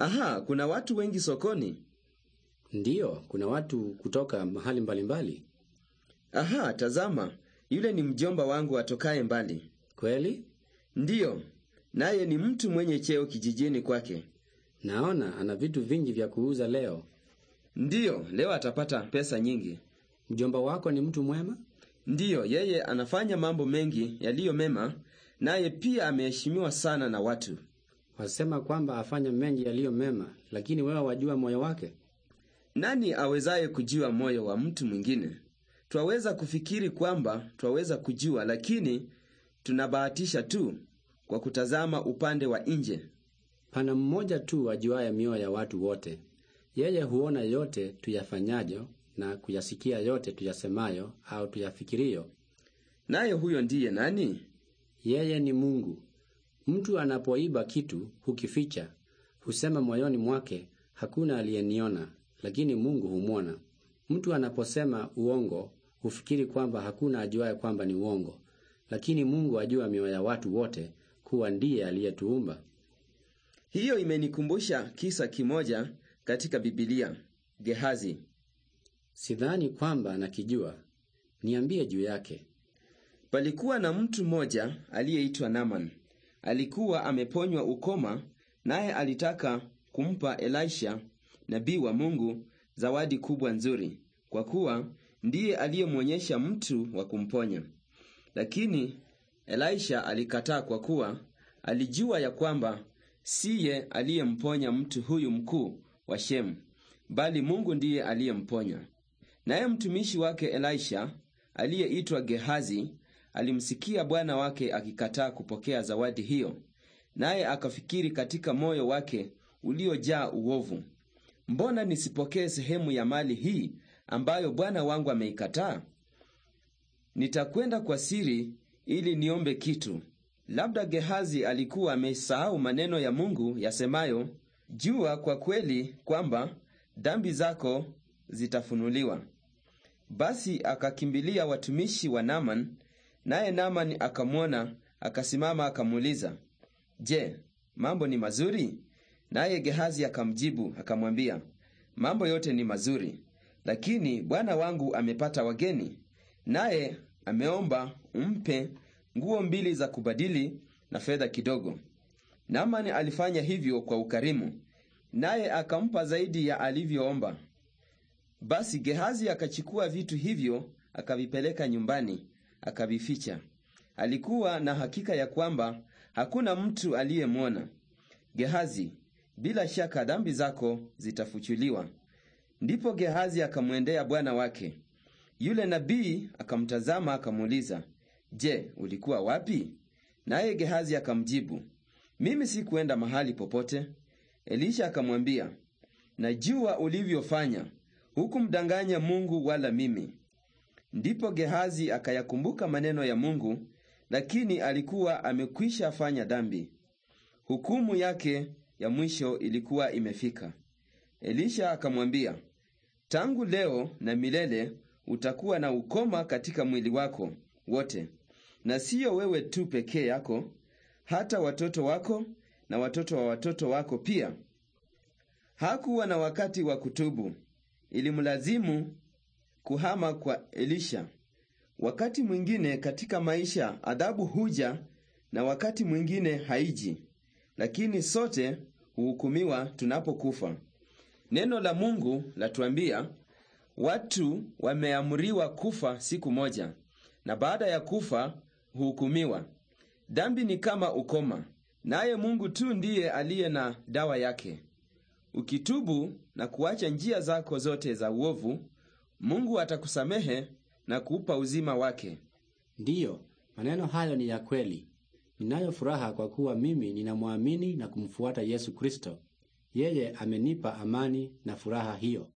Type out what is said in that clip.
Aha, kuna watu wengi sokoni? Ndiyo, kuna watu kutoka mahali mbalimbali. Aha, tazama, yule ni mjomba wangu atokaye mbali. Kweli? Ndiyo, naye ni mtu mwenye cheo kijijini kwake. Naona ana vitu vingi vya kuuza leo. Ndiyo, leo atapata pesa nyingi. Mjomba wako ni mtu mwema? Ndiyo, yeye anafanya mambo mengi yaliyo mema, naye pia ameheshimiwa sana na watu wasema kwamba afanya mengi yaliyo mema, lakini wewe wajua moyo wake? Nani awezaye kujua moyo wa mtu mwingine? Twaweza kufikiri kwamba twaweza kujua, lakini tunabahatisha tu kwa kutazama upande wa nje. Pana mmoja tu ajuaye mioyo ya watu wote, yeye huona yote tuyafanyajo na kuyasikia yote tuyasemayo au tuyafikiriyo Naye huyo ndiye nani? Yeye ni Mungu Mtu anapoiba kitu hukificha, husema moyoni mwake, hakuna aliyeniona, lakini Mungu humwona. Mtu anaposema uongo hufikiri kwamba hakuna ajuaye kwamba ni uongo, lakini Mungu ajua mioyo ya watu wote, kuwa ndiye aliyetuumba. Hiyo imenikumbusha kisa kimoja katika Bibilia. Gehazi, sidhani kwamba nakijua, niambie juu yake. Palikuwa na mtu mmoja aliyeitwa Naman alikuwa ameponywa ukoma, naye alitaka kumpa Elisha nabii wa Mungu zawadi kubwa nzuri, kwa kuwa ndiye aliyemwonyesha mtu wa kumponya. Lakini Elisha alikataa kwa kuwa alijua ya kwamba siye aliyemponya mtu huyu mkuu wa Shemu, bali Mungu ndiye aliyemponya. Naye mtumishi wake Elisha aliyeitwa Gehazi alimsikia bwana wake akikataa kupokea zawadi hiyo, naye akafikiri katika moyo wake uliojaa uovu, mbona nisipokee sehemu ya mali hii ambayo bwana wangu ameikataa? Nitakwenda kwa siri ili niombe kitu. Labda Gehazi alikuwa amesahau maneno ya Mungu yasemayo, jua kwa kweli kwamba dhambi zako zitafunuliwa. Basi akakimbilia watumishi wa Naman Naye Namani akamwona, akasimama akamuuliza, "Je, mambo ni mazuri?" Naye Gehazi akamjibu akamwambia, "Mambo yote ni mazuri, lakini bwana wangu amepata wageni, naye ameomba umpe nguo mbili za kubadili na fedha kidogo." namani alifanya hivyo kwa ukarimu, naye akampa zaidi ya alivyoomba. Basi Gehazi akachukua vitu hivyo akavipeleka nyumbani, akavificha. Alikuwa na hakika ya kwamba hakuna mtu aliyemwona. Gehazi, bila shaka dhambi zako zitafuchuliwa. Ndipo Gehazi akamwendea bwana wake. Yule nabii akamtazama akamuuliza, "Je, ulikuwa wapi?" Naye Gehazi akamjibu, "Mimi sikuenda mahali popote." Elisha akamwambia, "Najua ulivyofanya, hukumdanganya Mungu wala mimi. Ndipo Gehazi akayakumbuka maneno ya Mungu, lakini alikuwa amekwisha fanya dhambi. Hukumu yake ya mwisho ilikuwa imefika. Elisha akamwambia, tangu leo na milele utakuwa na ukoma katika mwili wako wote, na siyo wewe tu pekee yako, hata watoto wako na watoto wa watoto wako pia. Hakuwa na wakati wa kutubu, ilimlazimu kuhama kwa Elisha. Wakati mwingine katika maisha adhabu huja na wakati mwingine haiji, lakini sote huhukumiwa tunapokufa. Neno la Mungu latuambia watu wameamriwa kufa siku moja, na baada ya kufa huhukumiwa. Dhambi ni kama ukoma, naye Mungu tu ndiye aliye na dawa yake. Ukitubu na kuacha njia zako zote za uovu Mungu atakusamehe na kuupa uzima wake. Ndiyo, maneno hayo ni ya kweli. Ninayo furaha kwa kuwa mimi ninamwamini na kumfuata Yesu Kristo. Yeye amenipa amani na furaha hiyo.